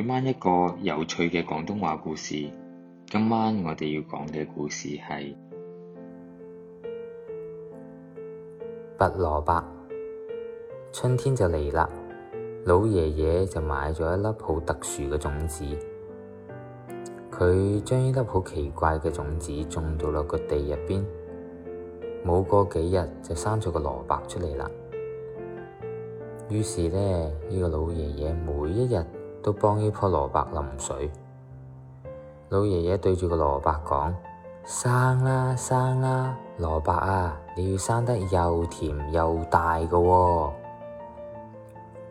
每晚一個有趣嘅廣東話故事。今晚我哋要講嘅故事係拔蘿蔔。春天就嚟啦，老爺爺就買咗一粒好特殊嘅種子。佢將呢粒好奇怪嘅種子種到落個地入邊，冇過幾日就生咗個蘿蔔出嚟啦。於是呢，呢個老爺爺每一日都幫呢棵蘿蔔淋水。老爺爺對住個蘿蔔講：生啦，生啦，蘿蔔啊，你要生得又甜又大㗎喎。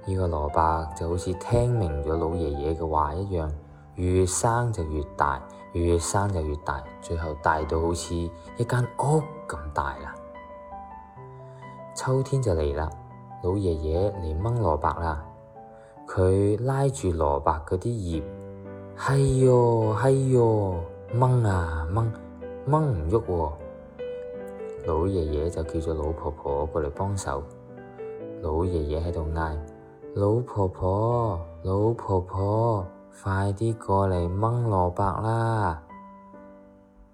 呢個蘿蔔就好似聽明咗老爺爺嘅話一樣，越生就越大，越生就越大，大，最後大到好似一間屋咁大啦。秋天就嚟啦，老爺爺嚟掹蘿蔔啦。佢拉住蘿蔔嗰啲葉，哎呦哎呦掹啊掹，掹唔喐喎！老爺爺就叫咗老婆婆過嚟幫手。老爺爺喺度嗌老婆婆，老婆婆快啲過嚟掹蘿蔔啦！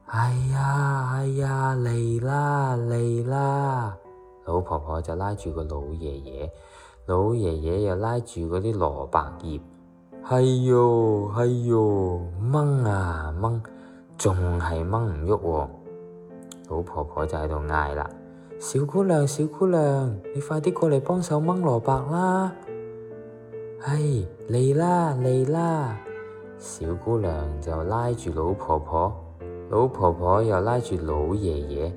哎呀哎呀嚟啦嚟啦！老婆婆就拉住個老爺爺。老爺爺又拉住嗰啲蘿蔔葉，係喲係喲掹啊掹，仲係掹唔喐。老婆婆就喺度嗌啦，小姑娘小姑娘，你快啲過嚟幫手掹蘿蔔啦！哎，嚟啦嚟啦！小姑娘就拉住老婆婆，老婆婆又拉住老爺爺，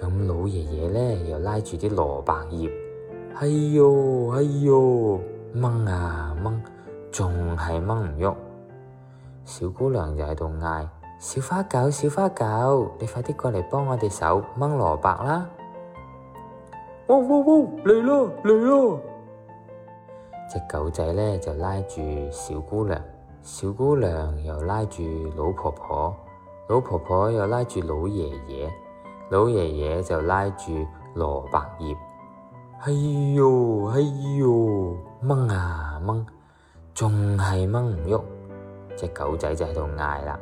咁老爺爺咧又拉住啲蘿蔔葉。哎呦，哎呦，掹啊掹，仲係掹唔喐。小姑娘就喺度嗌： 小花狗，小花狗，你快啲過嚟幫我哋手掹蘿蔔啦！汪汪汪，嚟啦嚟啦！哦、隻狗仔咧就拉住小姑娘，小姑娘又拉住老婆婆，老婆婆又拉住老爺爺，老爺爺就拉住蘿蔔葉。哎呦，哎呦，掹啊掹，仲係掹唔喐，隻狗仔就喺度嗌啦。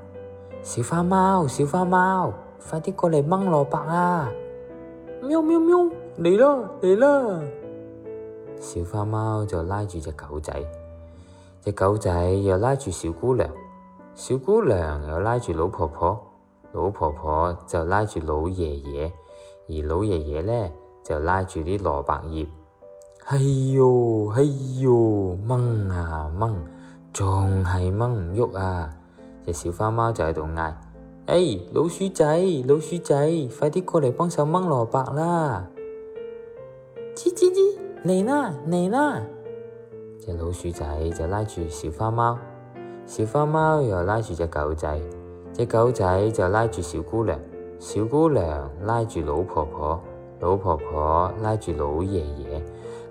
小花貓，小花貓，快啲過嚟掹蘿蔔啊！喵喵喵，嚟啦嚟啦！小花貓就拉住隻狗仔，隻狗仔又拉住小姑娘，小姑娘又拉住老婆婆，老婆婆就拉住老爺爺，而老爺爺呢，就拉住啲蘿蔔葉，哎呦，哎呦掹啊掹，仲係掹唔喐啊！啊，隻小花貓就喺度嗌：哎、欸、老鼠仔，老鼠仔，老鼠仔，快啲過嚟幫手掹蘿蔔啦！吱吱吱，嚟啦嚟啦！隻老鼠仔就拉住小花貓，小花貓又拉住隻狗仔，隻狗仔就拉住小姑娘，小姑娘拉住老婆婆。老婆婆拉住老爺爺，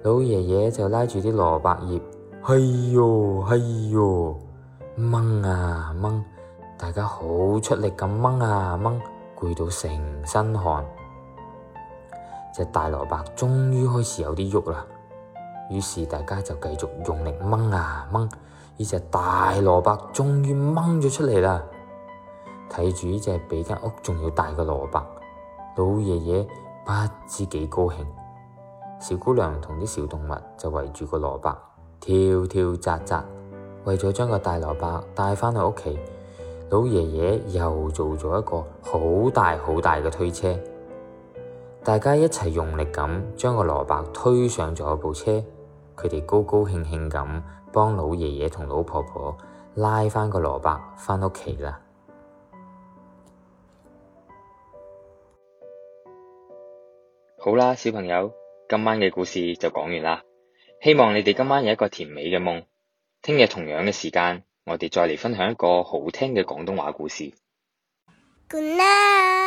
老爺爺就拉住啲蘿蔔葉，嘿喲嘿喲掹啊掹，大家好出力咁掹啊掹，攰到成身汗。隻大蘿蔔終於開始有啲喐啦，於是大家就繼續用力掹啊掹，呢隻大蘿蔔終於掹咗出嚟啦。睇住呢隻比間屋仲要大嘅蘿蔔，老爺爺。不知幾高興，小姑娘同啲小動物就圍住個蘿蔔跳跳扎扎，為咗將個大蘿蔔帶返去屋企。老爺爺又做咗一個好大好大嘅推車，大家一齊用力咁將個蘿蔔推上咗部車，佢哋高高興興咁幫老爺爺同老婆婆拉返個蘿蔔返屋企啦。好啦，小朋友，今晚嘅故事就講完啦。希望你哋今晚有一個甜美嘅夢。聽日同樣嘅時間，我哋再嚟分享一個好聽嘅廣東話故事。Good night.